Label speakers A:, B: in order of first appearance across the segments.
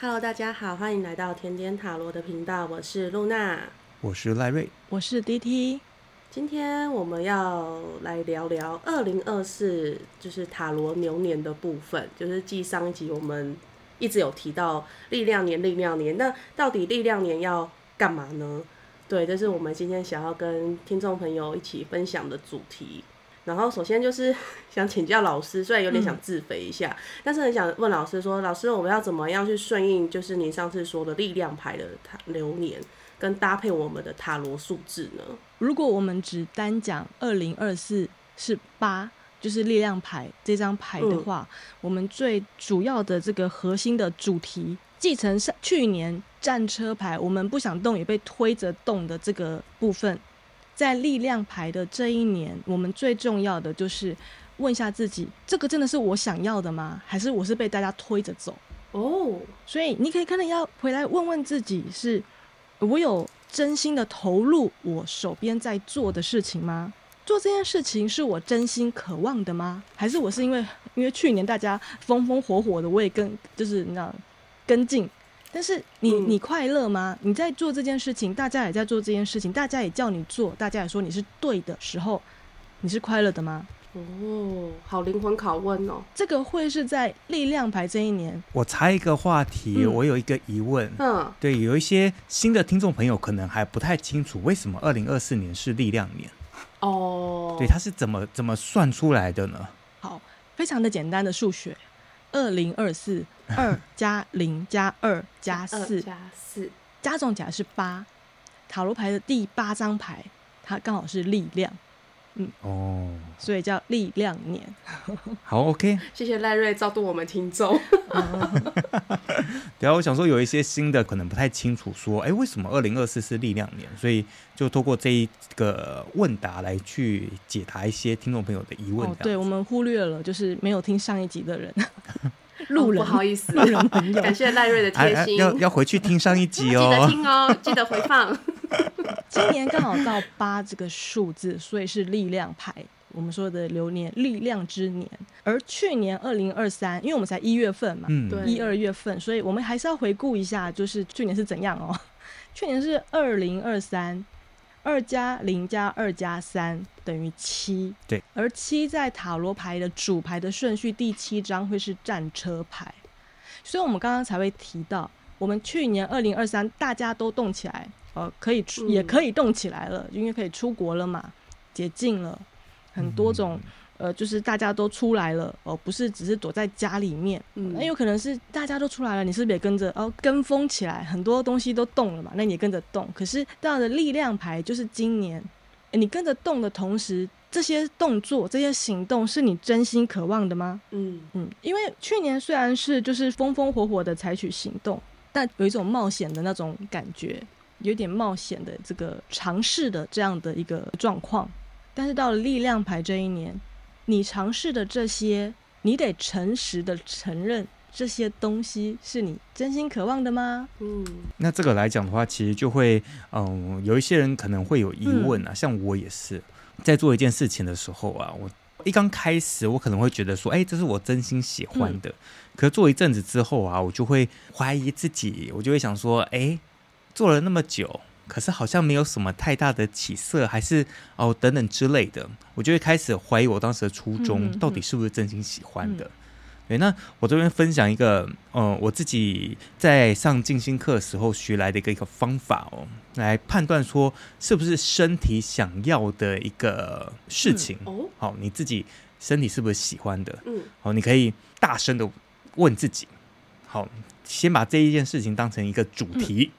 A: Hello，大家好，歡迎來到甜點塔羅的頻道，我是露娜，
B: 我是賴瑞，
A: 我是 DT。今天我們要來聊聊二零二四，就是塔羅流年的部分，就是繼上一集我們一直有提到力量年、力量年，那到底力量年要幹嘛呢？對，這、就是我們今天想要跟聽眾朋友一起分享的主題。然後首先就是想請教老師，雖然有點想自肥一下，嗯、但是很想問老師說，老師，我們要怎麼樣去順應，就是您上次說的力量牌的流年，跟搭配我們的塔羅數字呢？
C: 如果我們只單講二零二四是八，就是力量牌這張牌的話，嗯、我們最主要的這個核心的主題，繼承上去年戰車牌，我們不想動也被推着動的這個部分，在力量牌的這一年，我們最重要的就是問一下自己：這個真的是我想要的嗎？還是我是被大家推着走？哦，oh, 所以你可以看到要回來問問自己：是我有真心的投入我手邊在做的事情嗎？做這件事情是我真心渴望的嗎？還是我是因為因為去年大家風風火火的，我也跟就是那跟進。但是你你快樂嗎？嗯，你在做這件事情，大家也在做這件事情，大家也叫你做，大家也說你是對的時候，你是快樂的嗎？
A: 哦，好靈魂拷問哦！這個
C: 會是在力量牌這一年。
B: 我插一個話題，我有一個疑問。嗯，對，有一些新的聽眾朋友可能還不太清楚，為什麼二零二四年是力量年？
C: 哦，對，它
B: 是怎麼怎麼算出來的呢？
C: 好，非常的簡單的數學。二零二四，二加零加二加四加四加總起來是八，塔羅牌的第八張牌，它剛好是力量。
B: 嗯、哦，
C: 所以叫力量年，呵呵好 OK，謝謝賴
A: 瑞照顧我們聽眾。
B: 嗯、 對啊，我想說有一些新的可能不太清楚說，說、欸、哎，為什麼二零二四是力量年，所以就透過這一個問答來去解答一些聽眾朋友的疑問、哦。對，
C: 我們忽略了就是沒有聽上一集的人，
A: 路人、哦、不好意思， 路人朋友，感謝賴瑞的貼心，啊啊、要
B: 要回去聽上一集哦， 記得聽
A: 哦，記得回放。 今年剛好到八這個數字，
C: 所以是力量牌。我們說的流年力量之年。而去年二零二三，因為我們才一月份嘛，一、嗯、二月份，所以我們還是要回顧一下，就是去年是怎樣哦。去年是二零二三，二加零加二加三等於七。七，對，而七在塔羅牌的主牌的順序第七張會是戰車牌，所以我們剛剛才會提到，我們去年二零二三大家都動起來。呃，可以也可以動起來了，嗯、因為可以出國了嘛，解禁了，很多種、嗯、呃，就是大家都出來了哦、呃，不是只是躲在家裡面，嗯呃、那有可能是大家都出來了，你是不是也跟着哦、呃，跟風起來，很多東西都動了嘛，那你也跟着動，可是這樣的力量牌就是今年、欸、你跟着動的同時，這些動作、這些行動是你真心渴望的嗎？嗯嗯，因為去年雖然是就是風風火火的採取行動，但有一種冒險的那種感覺。有點冒險的這個嘗試的這樣的一個狀況，但是到了力量牌這一年，你嘗試的這些，你得誠實的承認這些東西是你真心渴望的嗎？嗯。那
B: 這個來講的話，其實就會，嗯、呃，有一些人可能會有疑問啊，嗯。像我也是，在做一件事情的時候啊，我一剛開始我可能會覺得說，哎、欸，這是我真心喜歡的，嗯。可是做一陣子之後啊，我就會懷疑自己，我就會想說，哎、欸。做了那麼久，可是好像沒有什麼太大的起色，還是哦，等等之類的，我就會開始懷疑我當時的初衷到底是不是真心喜歡的。嗯嗯嗯、對，那我這邊分享一個，嗯、呃，我自己在上靜心課的時候學來的一個一個方法哦，來判斷說是不是身體想要的一個事情、嗯、哦。好、哦，你自己身體是不是喜歡的？嗯、哦，你可以大聲的問自己。好，先把這一件事情當成一個主題。嗯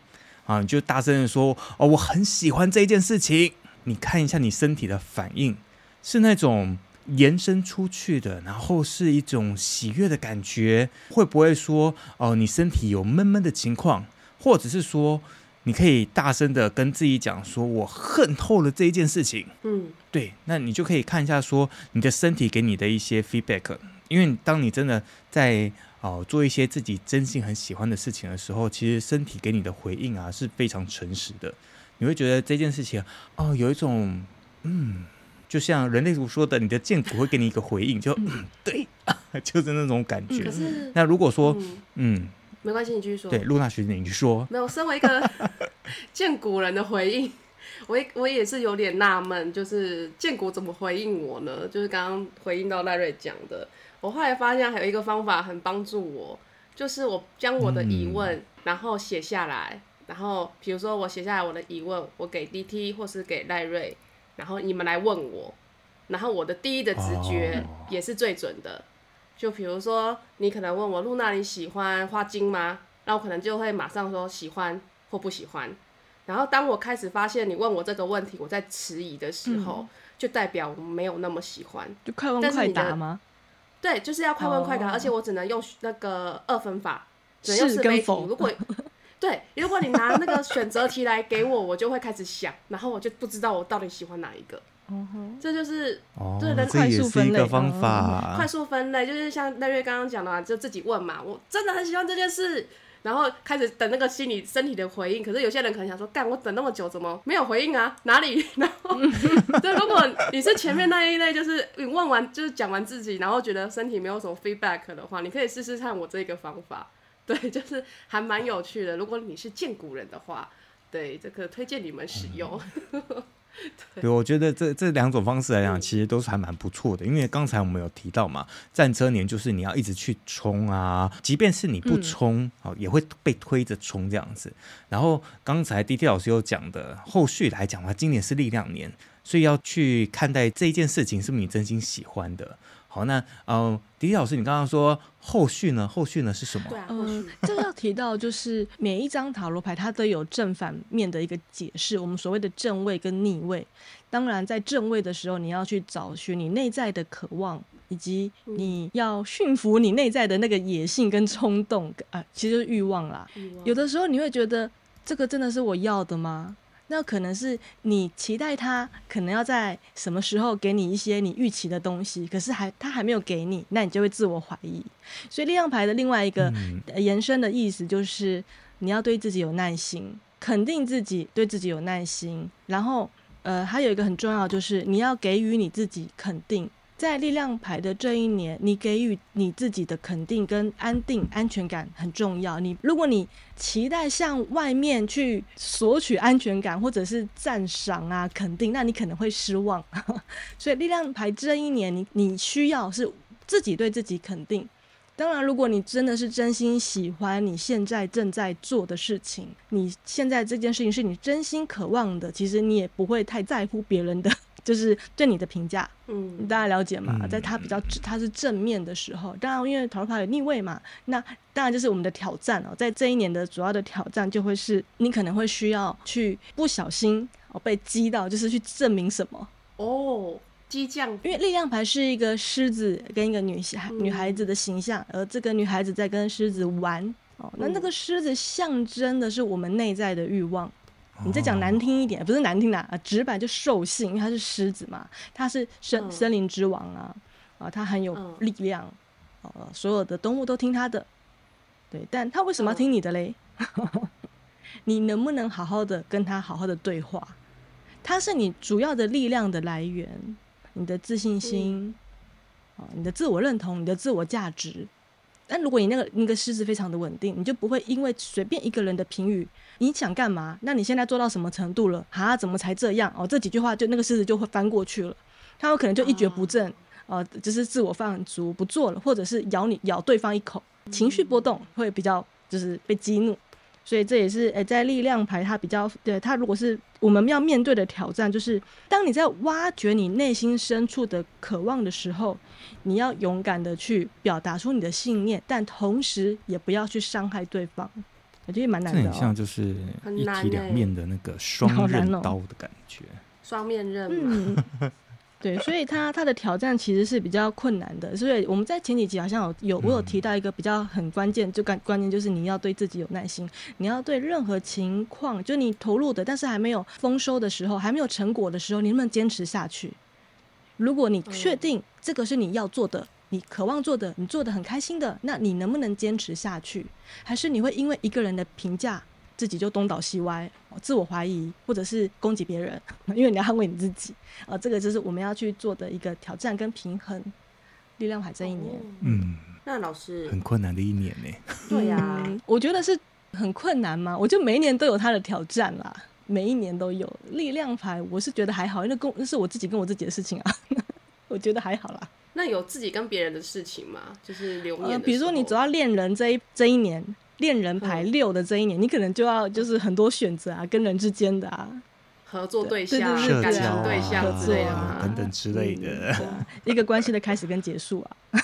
B: 啊，你就大聲的說哦，我很喜歡這一件事情。你看一下你身體的反應，是那種延伸出去的，然後是一種喜悅的感覺，會不會說哦、呃，你身體有悶悶的情況，或者是說你可以大聲的跟自己講說，我恨透了這一件事情。嗯，對，那你就可以看一下說你的身體給你的一些 feedback，因為當你真的在。哦，做一些自己真心很喜歡的事情的時候，其實身體給你的回應啊是非常誠實的。你會覺得這件事情、啊、哦，有一種嗯，就像人類所說的，你的建國會給你一個回應，就、 嗯、對，就是那種感覺。嗯、那如果說嗯，嗯
A: 沒關係，你繼續說。對，露
B: 娜學姐，你去說。
A: 沒有，身為一個建國人的回應，我 我也是有點納悶，就是建國怎麼回應我呢？就是剛剛回應到賴瑞講的。我後來發現還有一個方法很幫助我，就是我將我的疑問然後寫下來，嗯、然後比如說我寫下來我的疑問，我給 D.T 或是給賴瑞，然後你們來問我，然後我的第一的直覺也是最準的。哦、就比如說你可能問我露娜你喜歡花精嗎？那我可能就會馬上說喜歡或不喜歡。然後當我開始發現你問我這個問題，我在遲疑的時候，嗯、就代表我沒有那麼喜歡。就快問快答嗎？對，就是要快問快答，oh, 而且我只能用那個二分法，
C: 是跟否，只能用思維
A: 題。 如果對，如果你拿那個選擇題來給我， 我就會開始想，然後我就不知道我到底喜歡哪一個。嗯、oh, 這就是對能快速分類方法。哦、快速分類就是像賴瑞剛剛講的，就自己問嘛。我真的很喜歡這件事。然後開始等那個心理、身體的回應，可是有些人可能想說，幹我等那麼久怎麼沒有回應啊？哪裡？然後， 對，如果你是前面那一類，就是你問完就是講完自己，然後覺得身體沒有什麼 feedback 的話，你可以試試看我這個方法，對，就是還蠻有趣的。如果你是健骨人的話，對，這個推薦你們使用。 對，我
B: 覺得這這兩種方式來講，其實都是還蠻不錯的。對因為剛才我們有提到嘛，戰車年就是你要一直去衝啊，即便是你不衝，嗯，也會被推着衝這樣子。然後剛才 D.T 老師有講的，後續來講嘛，今年是力量年，所以要去看待這件事情是不是你真心喜歡的。好，那呃，D.T 老師，你剛剛說後續呢？後續呢是什麼？
C: 對、啊 呃、這個要提到，就是每一張塔羅牌它都有正反面的一個解釋。我們所謂的正位跟逆位，當然在正位的時候，你要去找尋你內在的渴望，以及你要馴服你內在的那個野性跟衝動啊、呃，其實是欲望啦，有的時候你會覺得，這個真的是我要的嗎？那可能是你期待他可能要在什麼時候給你一些你預期的東西，可是還他還沒有給你，那你就會自我懷疑。所以力量牌的另外一個延伸的意思就是你要對自己有耐心，肯定自己，對自己有耐心。然後呃還有一個很重要，就是你要給予你自己肯定。在力量牌的這一年，你給予你自己的肯定跟安定、安全感很重要。你，如果你期待向外面去索取安全感，或者是讚賞啊，肯定，那你可能會失望。 所以力量牌這一年，你，你需要是自己對自己肯定。當然，如果你真的是真心喜歡你現在正在做的事情，你現在這件事情是你真心渴望的，其實你也不會太在乎別人的。就是對你的評價，嗯，你大家了解嗎在他比較他是正面的時候，嗯、當然因為塔羅牌有逆位嘛，那當然就是我們的挑戰哦、喔。在這一年的主要的挑戰就會是，你可能會需要去不小心哦、喔、被激到，就是去證明什麼哦，激將。因為力量牌是一個獅子跟一個女孩、嗯、女孩子的形象，而這個女孩子在跟獅子玩哦、喔，那那個獅子象徵的是我們內在的欲望。你再講難聽一點，不是難聽的啊，直白就獸性，因為它是獅子嘛，它是森森林之王啊，嗯、啊，它很有力量，呃、啊，所有的動物都聽它的，對，但它為什麼要聽你的嘞？嗯、 你能不能好好的跟它好好的對話？它是你主要的力量的來源，你的自信心，嗯、啊，你的自我認同，你的自我價值。但如果你那個那個獅子非常的穩定，你就不會因為隨便一個人的評語，你想幹嘛？那你現在做到什麼程度了？啊，怎麼才這樣？哦，這幾句話就那個獅子就會翻過去了，他有可能就一蹶不振，呃，就是自我放逐不做了，或者是咬你咬對方一口，情緒波動會比較就是被激怒。所以這也是，誒、欸，在力量牌它比較，對，它如果是我們要面對的挑戰，就是當你在挖掘你內心深處的渴望的時候，你要勇敢的去表達出你的信念，但同時也不要去傷害對方。我覺得蠻難的喔。這很像
B: 就是一體兩面的那個雙刃刀的感覺，
C: 雙面刃嘛。嗯對，所以他他的挑戰其實是比較困難的。所以我們在前幾集好像有有我有提到一個比較很關鍵，就關關鍵就是你要對自己有耐心，你要對任何情況，就你投入的，但是還沒有豐收的時候，還沒有成果的時候，你能不能堅持下去？如果你確定這個是你要做的，你渴望做的，你做得很開心的，那你能不能堅持下去？還是你會因為一個人的評價？自己就東倒西歪，自我懷疑，或者是攻擊別人，因為你要捍衛你自己啊、呃。這個就是我們要去做的一個挑戰跟平衡。力量牌這一年，
A: 哦、嗯，那老師
B: 很困難的一年呢、欸。
C: 對呀、啊嗯，我覺得是很困難嘛。我就每一年都有他的挑戰啦，每一年都有。力量牌我是覺得還好，因為跟是我自己跟我自己的事情啊， 我覺得還好啦。
A: 那有自己跟別人的事情嗎？就是流年，呃，比如說
C: 你主要戀人這一這一年。戀人牌六的這一年，嗯、你可能就要就是很多選擇啊，嗯、跟人之間的啊，
A: 合作對象、社交對、啊、象、啊啊、
B: 等等之類的，嗯
C: 啊、 一個關係的開始跟結束啊。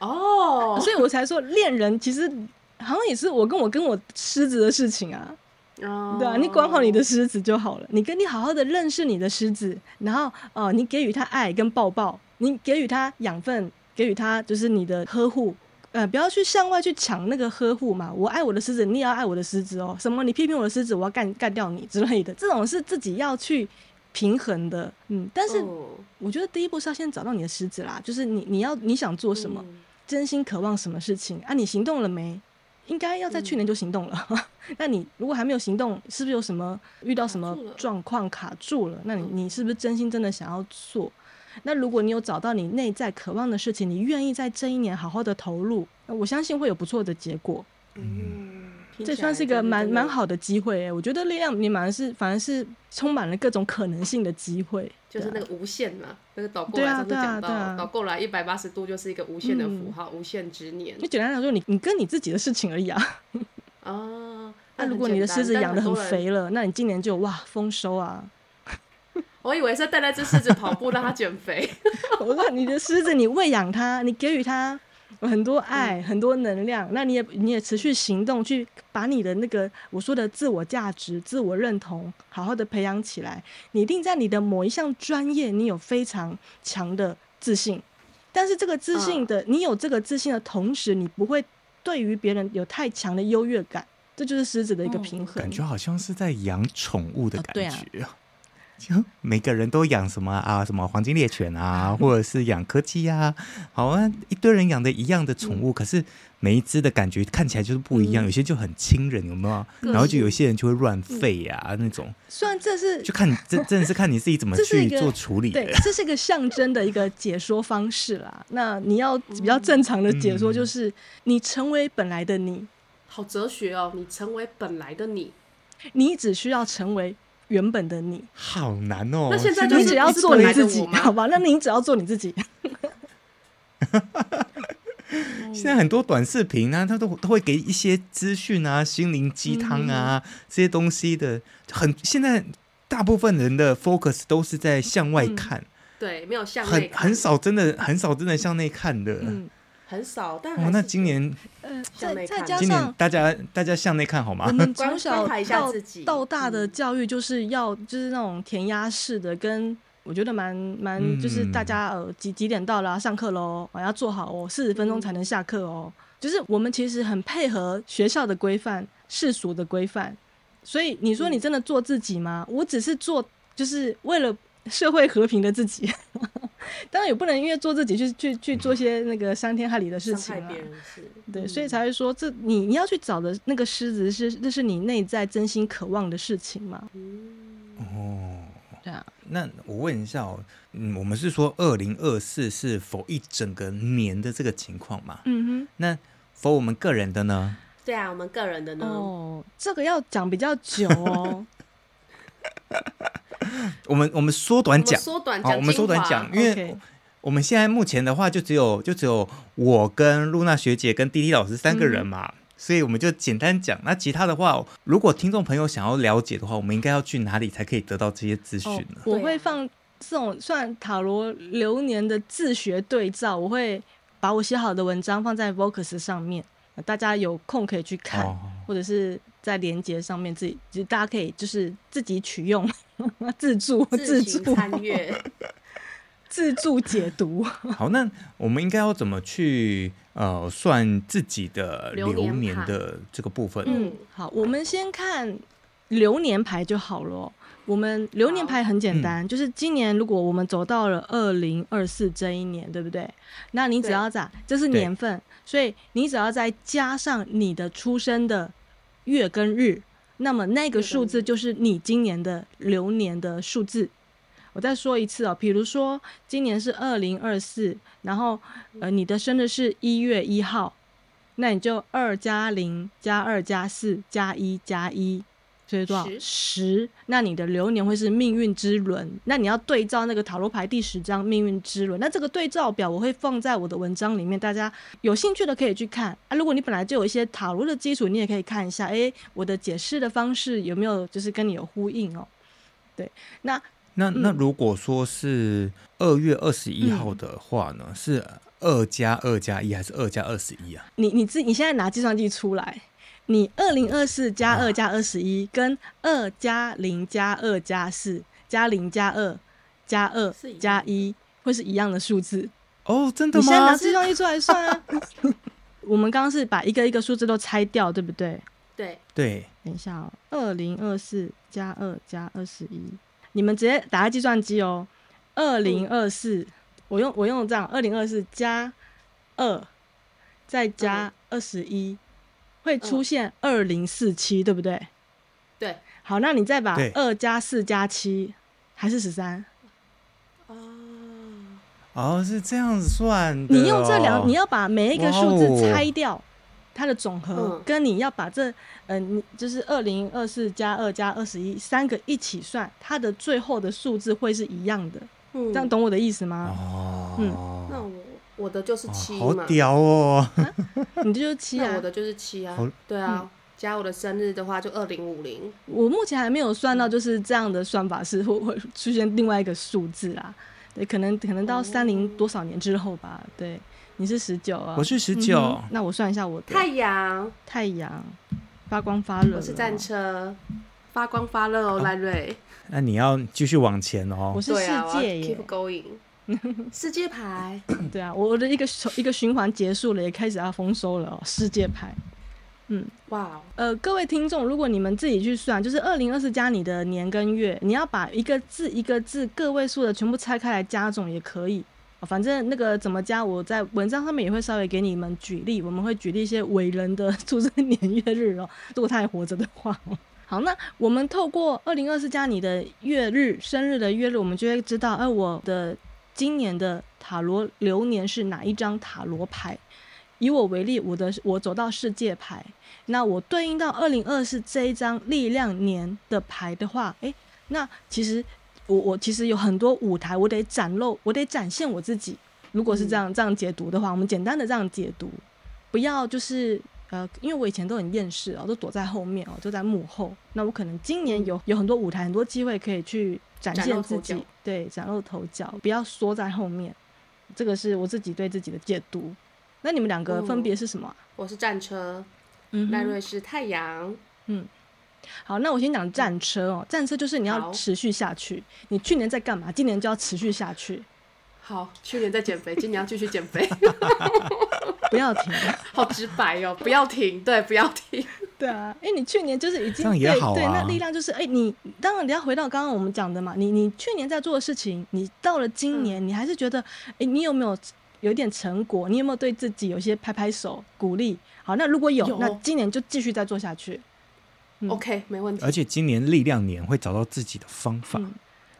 A: 哦
C: ，oh. 所以我才說戀人其實好像也是我跟我跟我獅子的事情啊。哦
A: ，oh. 對啊，你管
C: 好你的獅子就好了。你跟你好好的認識你的獅子，然後哦、呃，你給予他愛跟抱抱，你給予他養分，給予他就是你的呵護。呃，不要去向外去搶那個呵護嘛。我愛我的獅子，你也要愛我的獅子哦。什麼？你批評我的獅子，我要幹幹掉你之類的。這種是自己要去平衡的。嗯，但是我覺得第一步是要先找到你的獅子啦，就是你你要你想做什麼，真心渴望什麼事情啊？你行動了沒？應該要在去年就行動了。嗯， 那你如果還沒有行動，是不是有什麼遇到什麼狀況卡住了？那你你是不是真心真的想要做？那如果你有找到你內在渴望的事情，你願意在這一年好好的投入，那我相信會有不錯的結果。嗯，這算是一個蠻蠻的好的機會、欸、我覺得力量你滿是反而是充滿了各種可能性的機會，就
A: 是那個無限嘛，啊、那個倒過來對、啊，對啊，講到、啊、倒過來一百八十度就是一個無限的符號，嗯、無限之年。你簡
C: 單來說，你你跟你自己的事情而已啊。 哦，
A: 那如果你的獅子養得很肥
C: 了，那你今年就哇豐收啊。
A: 我以為是帶那只獅子跑步
C: 讓它減肥。 我說你的獅子，你餵養它，你給予它很多愛、很多能量。那你也你也持續行動去把你的那個我說的自我價值、自我認同好好的培養起來。你一定在你的某一項專業，你有非常強的自信。但是這個自信的，你有這個自信的同時，你不會對於別人有太強的優越感。這就是獅子的一個平衡。感覺
B: 好像是在養寵物的感覺。哦每個人都養什麼啊？什麼黃金獵犬啊，或者是養柯基呀？好啊，一堆人養的一樣的寵物，嗯、可是每一隻的感覺看起來就是不一樣。嗯、有些就很親人，有沒有？然後就有些人就會亂吠呀，嗯、那種。
C: 雖然這是，就看你真真的是
B: 看你自己怎麼去做處理。對，這
C: 是一個象徵的一個解說方式啦。那你要比較正常的解說，就是你成為本來的你，
A: 好哲學哦。你成為本來的你，
C: 你只需要成為。原本的你好
B: 難哦！那現在就
C: 你只要做你自己，好吧？那你只要做你自己。
B: 現在很多短視頻啊，他都都會給一些資訊啊、心靈雞湯啊、嗯、這些東西的。很現在大部分人的 focus 都是在向外看，
A: 對、嗯，沒有向內，很很少，真的很少，
B: 真的向內看的。嗯嗯很少，但是哦，那今年
A: 呃，向內看，今年
B: 大家大家向內看好嗎？我們
A: 從小到、嗯、到
C: 大的教育就是要就是那種填鴨式的，嗯、跟我覺得蠻蠻就是大家呃幾幾點到了要上課嘍，我、嗯哦、要做好哦，四十分鐘才能下課哦，嗯、就是我們其實很配合學校的規範世俗的規範，所以你說你真的做自己嗎？嗯、我只是做就是為了。社會和平的自己呵呵。當然也不能因為做自己去去去做些那個傷天害理的事情，啊，對，嗯、所以才會說這你你要去找的那個獅子是，那是你內在真心渴望的事情嘛？
B: 哦，對啊樣。那我問一下哦，我們是說二零二四是 for 一整個年的這個情況嘛？嗯哼。那 for 我們個人的呢？
C: 對啊，我們個人的呢？哦，這個要講比較久哦。
B: 我們我們縮短講，縮短講、哦，我們縮短講，因為我們現在目前的話，就只有就只有我跟露娜學姐跟 D.T 老師三個人嘛，嗯、所以我們就簡單講。那其他的話，如果聽眾朋友想要了解的話，我們應該要去哪裡才可以得到這些資訊呢、
C: 哦？我會放這種算塔羅流年的自學對照，我會把我寫好的文章放在 Vocus 上面，大家有空可以去看，哦、或者是。在連接上面自己，就大家可以就是自己取用，自助自助參閱，自， 自助解讀。
B: 好，那我們應該要怎麼去呃算自己的流年的這個部分呢？嗯，
C: 好，我們先看流年牌就好了。我們流年牌很簡單，好就是今年如果我們走到了二零二四這一年，對不對？那你只要咋，對這是年份，對所以你只要再加上你的出生的。月跟日，那麼那個數字就是你今年的流年的數字。我再說一次哦，比如說今年是二零二四，然後呃，你的生日是一月一號，那你就二加零加二加四加一加一。所以多少？十,十？那你的流年會是命運之輪。那你要對照那個塔羅牌第十張命運之輪。那這個對照表我會放在我的文章裡面，大家有興趣的可以去看啊。如果你本來就有一些塔羅的基礎，你也可以看一下。哎、欸，我的解釋的方式有沒有就是跟你有呼應哦、喔？對，那
B: 那、嗯、那如果說是二月二十一號的話呢？嗯、2> 是二加二加一還是二加二十
C: 一啊？你你自己你現在拿計算機出來。你二零二四加二加二十一，2跟二加零加二加四加零加二加二加一，會是一樣的數字哦？真的嗎？你先拿計算機出來算啊！ 我們剛剛是把一個一個數字都拆掉，對不對？
A: 對
B: 對，對
C: 等一下哦，二零二四加二加二十一，你們直接打開計算機哦。二零二四，我用我用這樣，二零二四加二再加二十一。Okay. 會出現二零四七，對不對？對，好，那你再把二加四加七還是十三？
B: 哦，是這樣子算。你用這兩，哦、你要把每一個數字拆
C: 掉，它的總和、哦嗯、跟你要把這嗯、呃，就是二零二四加二加二十一三個一起算，它的最後的數字會是一樣的。嗯、這樣懂我的意思嗎？哦，嗯，
A: 那我。我的就是七好屌哦！你就是七啊，我的就是七啊。對啊，加我的生日的話就二零五零。
C: 我目前還沒有算到，就是這樣的算法是會會出現另外一個數字啊。對，可能可能到三零多少年之後吧。對，你是十九啊，我是十九。那我算一下我的太陽太陽，發光發熱，我是戰車，
A: 發光發熱哦賴瑞。
B: 那你要繼續往前哦，我是
A: 世界，Keep going。 世界牌， 對啊，我的一
C: 個一個循環結束了，也開始要豐收了哦。世界牌，嗯，
A: 哇，Wow.
C: 呃，各位聽眾，如果你們自己去算，就是二零二四加你的年跟月，你要把一個字一個字個位數的全部拆開來加總也可以。哦，反正那個怎麼加，我在文章上面也會稍微給你們舉例，我們會舉例一些偉人的出生年月日哦，如果他還活着的話哦。好，那我們透過二零二四加你的月日生日的月日，我們就會知道，哎、呃，我的。今年的塔羅流年是哪一張塔羅牌？以我為例，我的我走到世界牌，那我對應到二零二四這一張力量年的牌的話，誒、欸，那其實我我其實有很多舞台，我得展露，我得展現我自己。如果是這樣這樣解讀的話，我們簡單的這樣解讀，不要就是呃，因為我以前都很厭世哦，我都躲在後面哦，就在幕後。那我可能今年有有很多舞台，很多機會可以去。展現自己，展，對，嶄露頭角，不要縮在後面。這個是我自己對自己的解讀。那你們兩個分別是什麼、啊嗯？
A: 我是戰車，嗯，嗯，
C: 賴瑞
A: 是太陽，嗯。
C: 好，那我先講戰車哦。戰、嗯、車就是你要持續下去。好你去年在幹嘛？今年就要持續下去。
A: 好，去年在減肥，今年要繼續減肥。 不要停， 好直白哦，不要停，對，不要停。對啊，因為你去年就是已經、啊、對，對，那力量
C: 就是哎、欸，你當然你要回到剛剛我們講的嘛，你你去年在做的事情，你到了今年，嗯、你還是覺得哎、欸，你有沒有有一點成果？你有沒有對自己有些拍拍手、鼓勵？好，那如果有，有哦、那今年就繼續再做下去。哦嗯、OK，沒問題。而且
B: 今年力量年會找到自己的方法。嗯、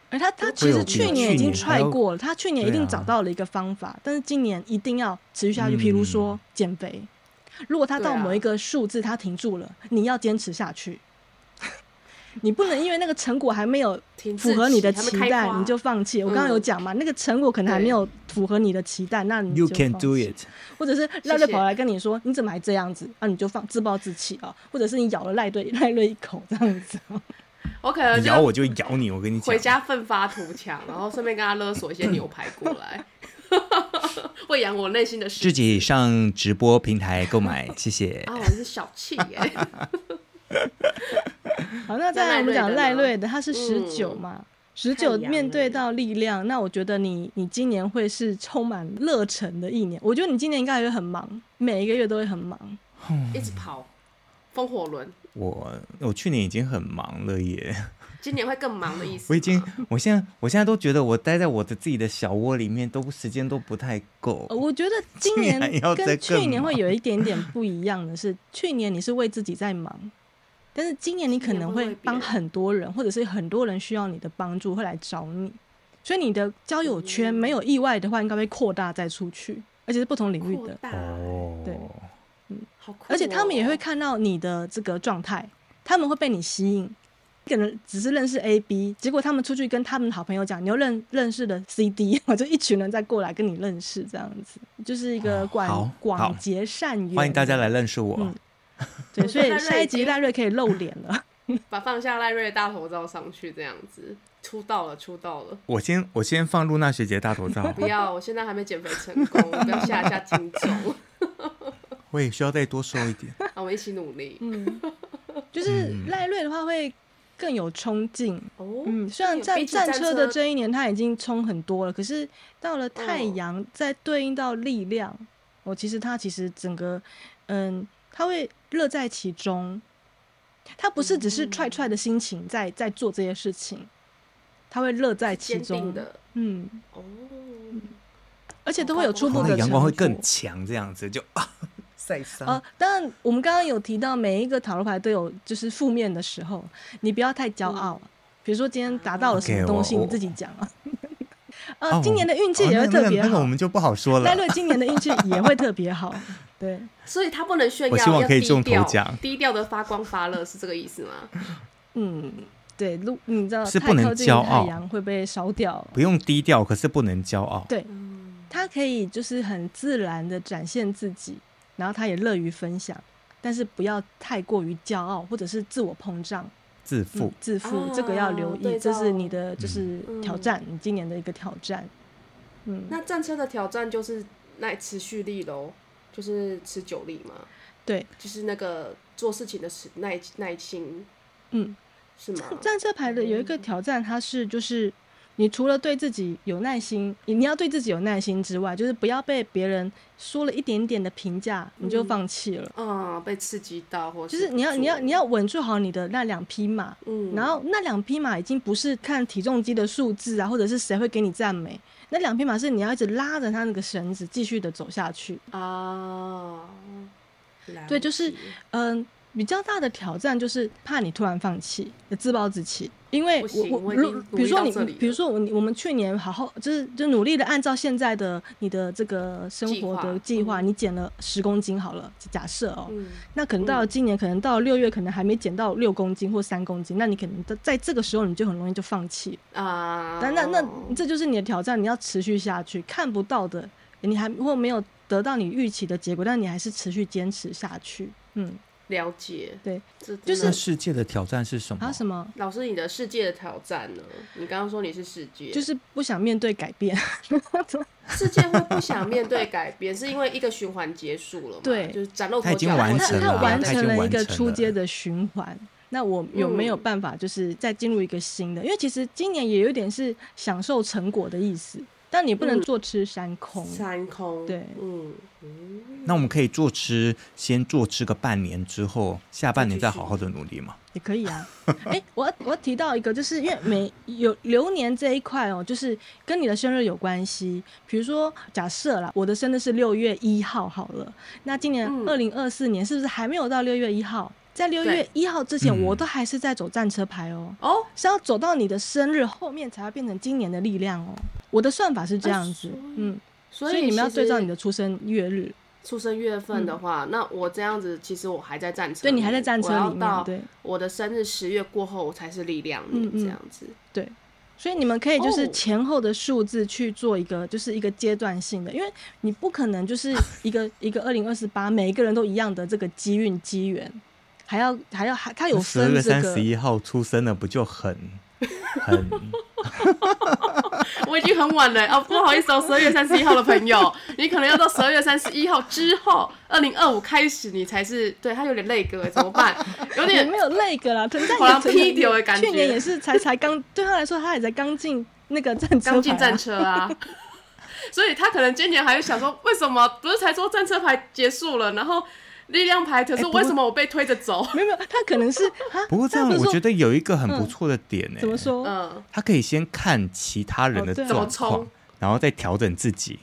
C: 而他他其實去年已經踹過了，去他，他去年一定找到了一個方法，啊、但是今年一定要持續下去。嗯、譬如說減肥。如果他到某一個數字、啊、他停住了，你要堅持下去。 你不能因為那個成果還沒有符合你的期待，啊、你就放棄。嗯、我剛剛有講嘛，那個成果可能還沒有符合你的期待，對那你就放棄。You can do it。或者是賴瑞跑來跟你說：“你怎麼還這樣子？”那謝、啊、你就放自暴自棄啊、哦，或者是你咬了賴瑞，賴瑞一口這樣子、
A: 哦。我可能咬我
B: 就咬你，我跟你講。
A: 回家奮發圖強， 然後順便跟他勒索一些牛排過來。 餵養 我內心的自
B: 己，上直播平台購買， 謝謝。
A: 啊、哦，我是小氣耶。 好，
C: 那再來我們講賴瑞，瑞的，他是十九嘛，十九、嗯、面對到力量，那我覺得你你今年會是充滿熱忱的一年。我覺得你今年應該還會很忙，每一個月
A: 都會很忙， 一直跑風火輪。
B: 我我去年已經很忙了耶。
A: 今年會更忙的意思。我
B: 已經，我現在，我現在都覺得我待在我的自己的小窩裡面都，都時間都不太夠、 呃。
A: 我覺得今年跟去年會有一
C: 點點不一樣的是， 去年你是為自己在忙，但是今年你可能會幫很多人，或者是很多人需要你的幫助會來找你，所以你的交友圈沒有意外的話，應該會擴大再出去，而且是不同領域的。哦、欸，對，嗯，好酷喔，而且他們也會看到你的這個狀態，他們會被你吸引。可能只是認識 A、B，結果他們出去跟他們好朋友講，你又認認識了 C、D，我就一群人再過來跟你認識，這樣子就是一個廣、oh, 廣結善
A: 緣。
B: 歡迎大家來認識我。嗯、
C: 對，所以下一集賴瑞可以露臉了，
A: 把放下賴瑞的大頭照上去，這樣子出道了，出道了。
B: 我先我先放露娜學姐大頭照。 不
A: 要，我現在還沒減肥成功，我不要嚇一下聽眾。我也 需要再
B: 多瘦一
C: 點
A: 我們一起努力。嗯， 就是賴瑞的話會
C: 更有衝勁、哦、嗯，雖然在戰車的這一年他已經衝很多了，可是到了太陽再、哦、對應到力量，我、哦、其實他其實整個，嗯，他會樂在其中，他不是只是踹踹的心情在在做這些事情，他會樂在其中、嗯、的，嗯，哦、而且都會有初步的陽、哦、光會更
B: 強，這樣子就、啊。呃，
C: 當然，我們剛剛有提到每一個塔羅牌都有就是負面的時候，你不要太驕傲。比如說今天達到了什麼東西，你自己講啊。今年的
B: 運氣也會特別好，我們就不好說了。賴
C: 瑞今年的運氣也會特別好，對，
A: 所以他不能炫耀。我希望可以中頭獎，低調的發光發熱是這個意思嗎？嗯，對，路你知道太靠近太陽會被燒掉。
B: 不用低調，可是不能驕傲。
C: 對，他可以就是很自然的展現自己。然後他也樂於分享，但是不要太過於驕傲，或者是自我膨脹自負、嗯、自負、自負、啊，這個要留意。對，這是你的，就是挑戰，嗯、你今年的一個挑戰。嗯，那
A: 戰車的挑戰就是耐持續力咯，就是持久力嘛。對，就是那個做事情的耐耐心。嗯，是嗎？戰車
C: 牌的有一個挑戰，它是就是。你除了對自己有耐心，你你要對自己有耐心之外，就是不要被別人說了一點點的評價你就放棄
A: 了嗯。嗯，被刺激到或是就是你要你要
C: 你要穩住好你的那兩匹馬。嗯，然後那兩匹馬已經不是看體重機的數字啊，或者是誰會給你讚美，那兩匹馬是你要一直拉着他那個繩子繼續的走下去。
A: 啊，對，就是嗯。
C: 呃比較大的挑戰就是怕你突然放棄、自暴自棄，因為我我比如說你，比如說我我們去年好好就是就努力的按照現在的你的這個生活的計劃，嗯、你減了十公斤好了，假設哦、喔，嗯、那可能到了今年，可能到六月，可能還沒減到六公斤或三公斤，嗯、那你可能在這個時候你就很容易就放棄
A: 啊。嗯、但那
C: 那那這就是你的挑戰，你要持續下去，看不到的，你還如果沒有得到你預期的結果，但你還是持續堅持下去，嗯。
A: 了解，對，這就是那
B: 世界的挑戰是什麼？啊，
C: 什麼？
A: 老師，你的世界的挑戰呢？你剛剛說你是世界，就是
C: 不想面對改變。世
A: 界會不想面對改變，是因為一個循環結束了，對，就是展露頭角，那那完成了一個初階
C: 的循環。那我有沒有辦法，就是再進入一個新的？因為其實今年也有點是享受成果的意思。但你不能坐吃山空，嗯、山空對。嗯，嗯，那我們
B: 可以坐吃，先坐吃個半年之後，下半年再好好的努力嘛，
C: 也可以啊。哎、 欸，我我提到一個，就是因為沒有流年這一塊哦，就是跟你的生日有關係。比如說，假設了我的生日是六月一號好了，那今年二零二四年是不是還沒有到六月一號？嗯在六月一號之前，對我都還是在走戰車牌哦、喔。哦、嗯，是要走到你的生日後面，才要變成今年的力量哦、喔。我的算法是這樣子，呃、嗯，所以，所以你們要對照你的出生月日。
A: 出生月份的話，嗯、那我這樣子，其實我還在戰車。對你還在戰車裡面，對。我，我的生日十月過後，我才是力量。嗯嗯，這樣子。對、
C: 對、對。所以你們可以就是前後的數字去做一個，就是一個階段性的，因為你不可能就是一個 一個二零二十八，每一個人都一樣的這個機運機緣。還要還要還他有十二月三十一
B: 號出生了，不就很很，
A: 我已經很晚了啊、欸哦、不好意思哦，十二月三十一號的朋友 你可能要到十二月三十一號之後二零二五開始，你才是對。他有點累格，、欸、怎麼辦？有點沒有累格啦，可能好像批丟的感覺。去年也是才
C: 才剛對，他來說他也在剛進那個戰車，剛進、啊、戰車啊，
A: 所以他可能今年還是想說，為什麼不是，才說戰車牌結束了然後。力量牌，可是為什麼我被推着走？沒有沒有，他可能是。不過這樣，我覺得
B: 有一個很不錯的點。怎麼
A: 說？嗯，
B: 他可以先看其他人的狀況，然後再調整自己。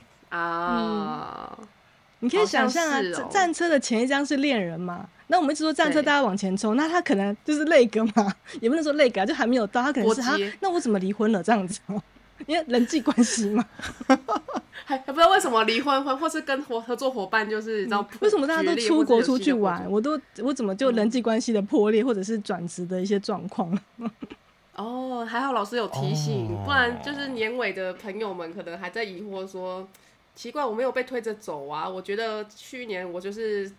C: 你可以想象啊，戰車的前一張是戀人嘛？那我們一直說戰車大家往前衝，那他可能就是累格嘛，也不能說累格啊，就還沒有到，他可能是他。那我怎麼離婚了這樣子？因為人際關係嘛，
A: 還 還不知道為什麼離婚，婚，或或是跟合合作夥伴，就是你知道為什麼大家都出國出去
C: 玩，我都我怎麼就人際關係的破裂，或者是轉職的一些狀況？
A: 哦，還好老師有提醒，不然就是年尾的朋友們可能還在疑惑說，奇怪，我沒有被推着走啊，我覺得去年我就是。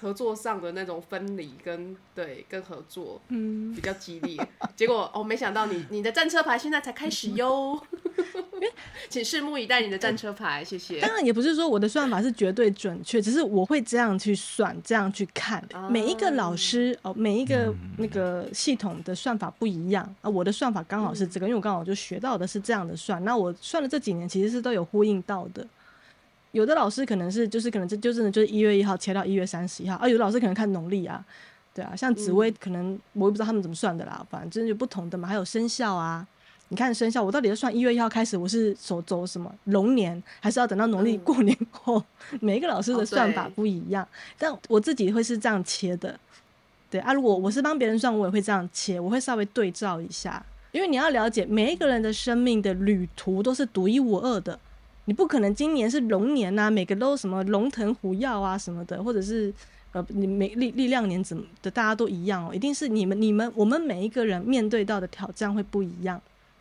A: 合作上的那種分離跟對跟合作，嗯，比較激烈。 結果哦，沒想到你你的戰車牌現在才開始喲！ 請拭目以待你的戰車牌，哦、謝謝。當然
C: 也不是說我的算法是絕對準確，只是我會這樣去算，這樣去看每一個老師哦，每一個那個系統的算法不一樣啊。我的算法剛好是這個，因為我剛好就學到的是這樣的算。那我算了這幾年，其實是都有呼應到的。有的老師可能是，就是可能這就，就是的，就是一月一號切到一月三十一號啊。有的老師可能看農曆啊，對啊，像紫薇、嗯、可能我也不知道他們怎麼算的啦。反正就不同的嘛，還有生肖啊，你看生肖，我到底是算一月一號開始，我是屬什麼龍年，還是要等到農曆過年後？嗯、每一個老師的算法不一樣，哦、但我自己會是這樣切的，對啊。如果我是幫別人算，我也會這樣切，我會稍微對照一下，因為你要了解每一個人的生命的旅途都是獨一無二的。你不可能今年是龍年吶、啊，每個都什麼龍騰虎躍啊什麼的，或者是呃你每力力量年怎麼的，大家都一樣哦，一定是你們你們我們每一個人面對到的挑戰會不一樣。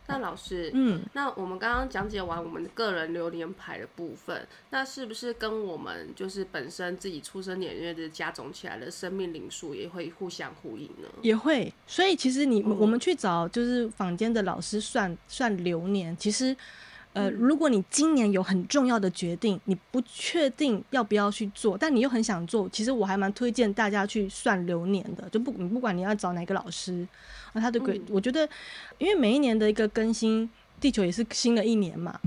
A: 那老師，嗯，那我們剛剛講解完我們個人流年牌的部分，那是不是跟我們就是本身自己出生年月的加總起來的生命靈數也會互相呼應呢？也
C: 會，所以其實你、嗯、我們去找就是坊間的老師算算流年，其實。呃，如果你今年有很重要的決定，你不確定要不要去做，但你又很想做，其實我還蠻推薦大家去算流年的，就不不管你要找哪個老師，啊，他都可以。嗯、我覺得，因為每一年的一個更新，地球也是新的一年嘛，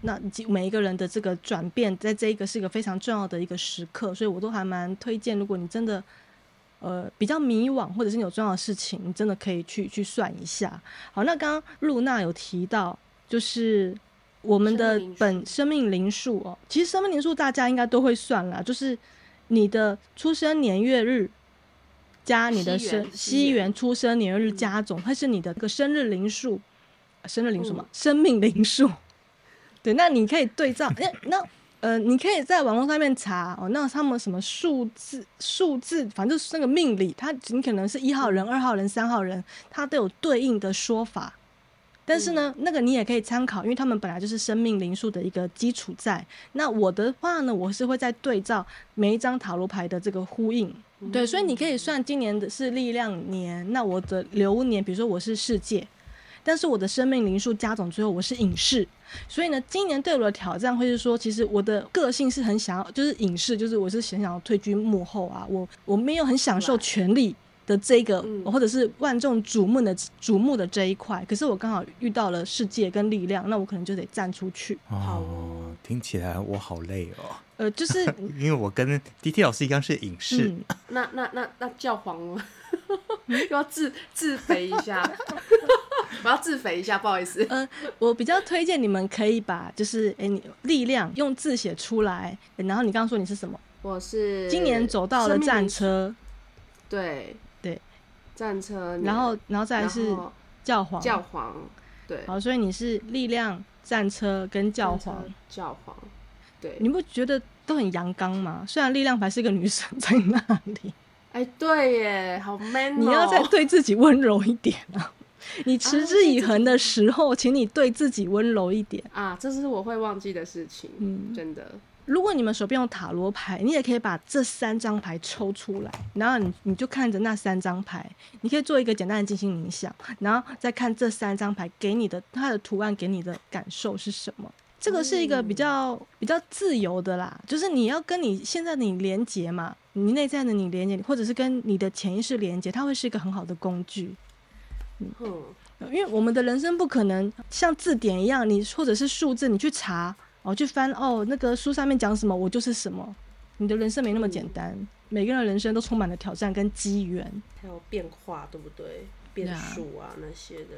C: 那每一個人的這個轉變，在這一個是一個非常重要的一個時刻，所以我都還蠻推薦，如果你真的，呃，比較迷惘，或者是你有重要的事情，你真的可以去去算一下。好，那剛剛露娜有提到，就是。我們的本生命靈數哦，其實生命靈數大家應該都會算了，就是你的出生年月日加你的生西元，西元出生年月日加總，它元是你的個生日靈數，嗯、生日靈數嗎？嗯、生命靈數。對，那你可以對照， 那那呃，你可以在網絡上面查哦。那他們什麼數字數字，反正就是那個命理，它儘可能是一號人、嗯、二號人、三號人，他都有對應的說法。但是呢，嗯、那個你也可以參考，因為他們本來就是生命靈數的一個基礎在。那我的話呢，我是會再對照每一張塔羅牌的這個呼應，嗯、對，所以你可以算今年的是力量年，那我的流年，比如說我是世界，但是我的生命靈數加總之後我是隱士，所以呢，今年對我的挑戰會是說，其實我的個性是很想要，就是隱士，就是我是想想要退居幕後啊，我我沒有很享受權力。的這個，或者是萬眾矚目的矚目的這一塊，可是我剛好遇到了世界跟力量，那我可能就得站出去。哦，
B: 好聽起來我好累哦。呃，就是 因為我跟 D.T 老師一樣是隱士。嗯、
A: 那那那那教皇， 又要自自肥一下， 我要自肥一下，不好意思。嗯、呃，我比較推薦你們可以把，就是哎、欸，
C: 你力量用字寫出來、欸。然後你剛剛說你是什麼？
A: 我是今年走到了戰車。對。戰車，然後，然後再來是教皇，教皇，
C: 對，好，所以你是力量、戰車跟教皇，
A: 教皇，對，
C: 你不覺得都很陽剛嗎？雖然力量牌是一個女生在那
A: 裡，哎，欸，對耶，好 man 喔，你要再
C: 對自己溫柔一點啊！你持之以恆的時候，啊，請你對自己溫柔一點
A: 啊！這是我會忘記的事情，嗯，真的。
C: 如果你們手邊有塔羅牌，你也可以把這三張牌抽出來，然後你你就看着那三張牌，你可以做一個簡單的進行冥想，然後再看這三張牌給你的它的圖案給你的感受是什麼。這個是一個比較比較自由的啦，就是你要跟你現在的你連接嘛，你內在的你連接，或者是跟你的潛意識連接，它會是一個很好的工具。嗯，因為我們的人生不可能像字典一樣，你或者是數字你去查，哦，去翻哦，那個書上面講什麼，我就是什麼。你的人生沒那麼簡單，嗯、每個人的人生都充滿了挑戰跟機緣，
A: 還有變化，對不對？變數啊 Yeah. 那些的。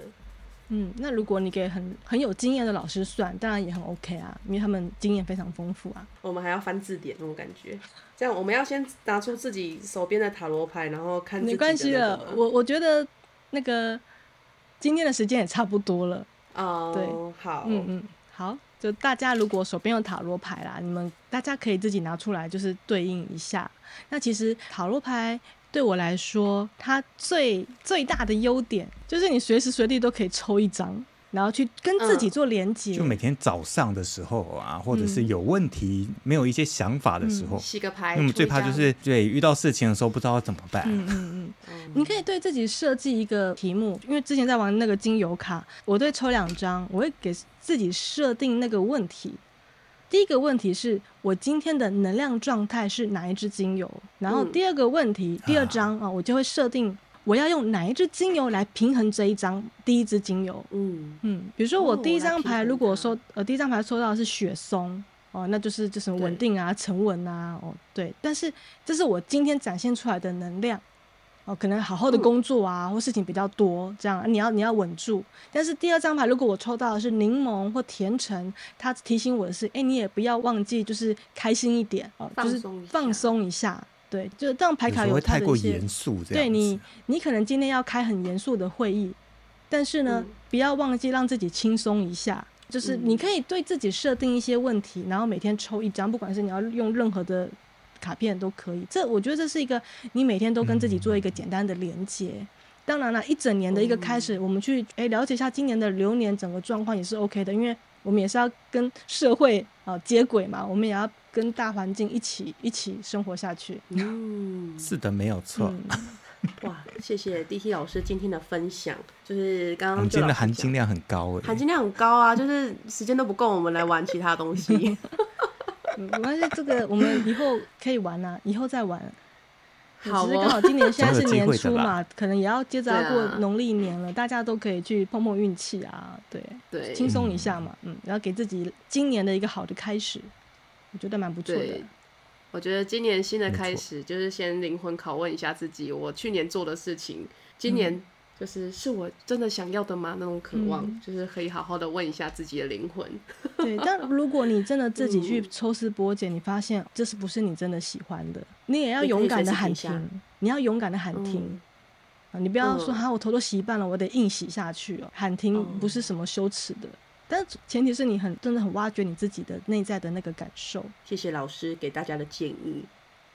C: 嗯，那如果你給很很有經驗的老師算，當然也很 OK 啊，因為他們經驗非常豐富啊。
A: 我們還要翻字典，我、那個、感覺。這樣，我們要先拿出自己手邊的塔羅牌，然後看自己。沒關係的，我我覺得那個
C: 今天的時間也差不多了。
A: 哦，oh, 對，好，嗯
C: 嗯，好。就大家如果手邊有塔羅牌啦，你們大家可以自己拿出來，就是對應一下。那其實塔羅牌對我來說，它最最大的優點就是你隨時隨地都可以抽一張。然後去跟自己做連接，嗯，就每
B: 天早上的時候啊，或者是有問題、嗯、沒有一些想法的時候，嗯、洗
C: 個牌，那麼我們最怕就是
B: 對遇到事情的時候不知道要怎麼辦。嗯
C: 嗯嗯，嗯嗯 你可以對自己設計一個題目，因為之前在玩那個精油卡，我都會抽兩張，我會給自己設定那個問題。第一個問題是我今天的能量狀態是哪一支精油，然後第二個問題、嗯、第二張啊，啊我就會設定。我要用哪一支精油來平衡這一張？第一支精油，嗯嗯，比如說我第一張牌，如果說、哦、呃第一張牌抽到的是雪松，哦、呃，那就是就是穩定啊、對沉穩啊，哦對。但是這是我今天展現出來的能量，哦、呃，可能好好的工作啊，嗯、或事情比較多，這樣你要你要穩住。但是第二張牌，如果我抽到的是檸檬或甜橙，它提醒我的是，哎、欸，你也不要忘記，就是開心一點哦，呃、放就是放鬆一下。對，就這樣，牌卡有它的一
B: 些。對，你
C: 你可能今天要開很嚴肅的會議，但是呢，嗯、不要忘記讓自己輕鬆一下。就是你可以對自己設定一些問題，嗯、然後每天抽一張，不管是你要用任何的卡片都可以。這，我覺得這是一個你每天都跟自己做一個簡單的連接。嗯嗯嗯，當然了，一整年的一個開始，嗯、我們去誒了解一下今年的流年整個狀況也是 OK 的，因為。我們也是要跟社會啊接軌嘛，我們也要跟大環境一起一起生活下去。嗯。
B: 是的，沒有錯、嗯。
A: 哇，謝謝 D.T 老師今天的分享， 就是剛剛今天的含
B: 金量很高、欸，含金
A: 量很高啊！就是時間都不夠，我們來玩其他東西。 沒關係，這個我們以後可以玩啊，以後再玩。好哦、只是剛好今年現在是年初嘛，
C: 可能也要接着要過農曆年了，啊、大家都可以去碰碰運氣啊，對，對，輕鬆一下嘛，嗯，然後、嗯、給自己今年的一個好的開始，我覺得蠻不錯
A: 的。我覺得今年新的開始就是先靈魂拷問一下自己，我去年做的事情，今年、嗯。就是是我真的想要的嗎？那種渴望，嗯、就是可以好好的問一下自己的靈魂。
C: 對，但如果你真的自己去抽絲剝繭，你發現這是不是你真的喜歡的，你也要勇敢的喊停。你，你要勇敢的喊停，嗯、啊！你不要說哈、嗯啊，我頭都洗一半了，我得硬洗下去哦。喊停不是什麼羞恥的，嗯，但前提是你很真的很挖掘你自己的
A: 內在的那個感受。謝謝老師給大家的建議。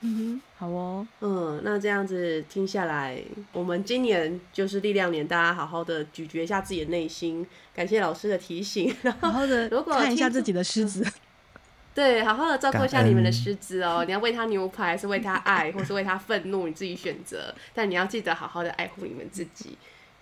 A: 嗯哼，mm hmm. 好哦，嗯，那這樣子聽下來，我們今年就是力量年，大，大家好好的咀嚼一下自己的內心。感謝老師的提醒，然後好好的，如果看一下自
C: 己的獅子，
A: 對，好好的照顧一下你們的獅子哦。恩你要餵它牛排，還是餵它愛，或是餵它憤怒，你自己選擇。但你要記得好好的愛護你們自己，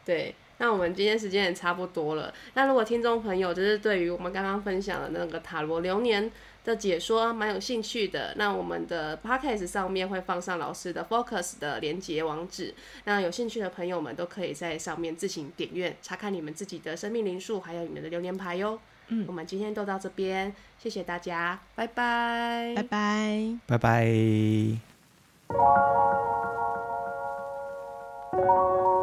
A: 對。那我們今天時間也差不多了。那如果聽眾朋友就是對於我們剛剛分享的那個塔羅流年的解說蠻有興趣的，那我們的 podcast 上面會放上老師的 focus 的連接網址，那有興趣的朋友們都可以在上面自行點閱查看你們自己的生命靈數，還有你們的流年牌喲。嗯，我們今天都到這邊，謝謝大家，拜拜，拜拜，拜拜。
B: 拜拜。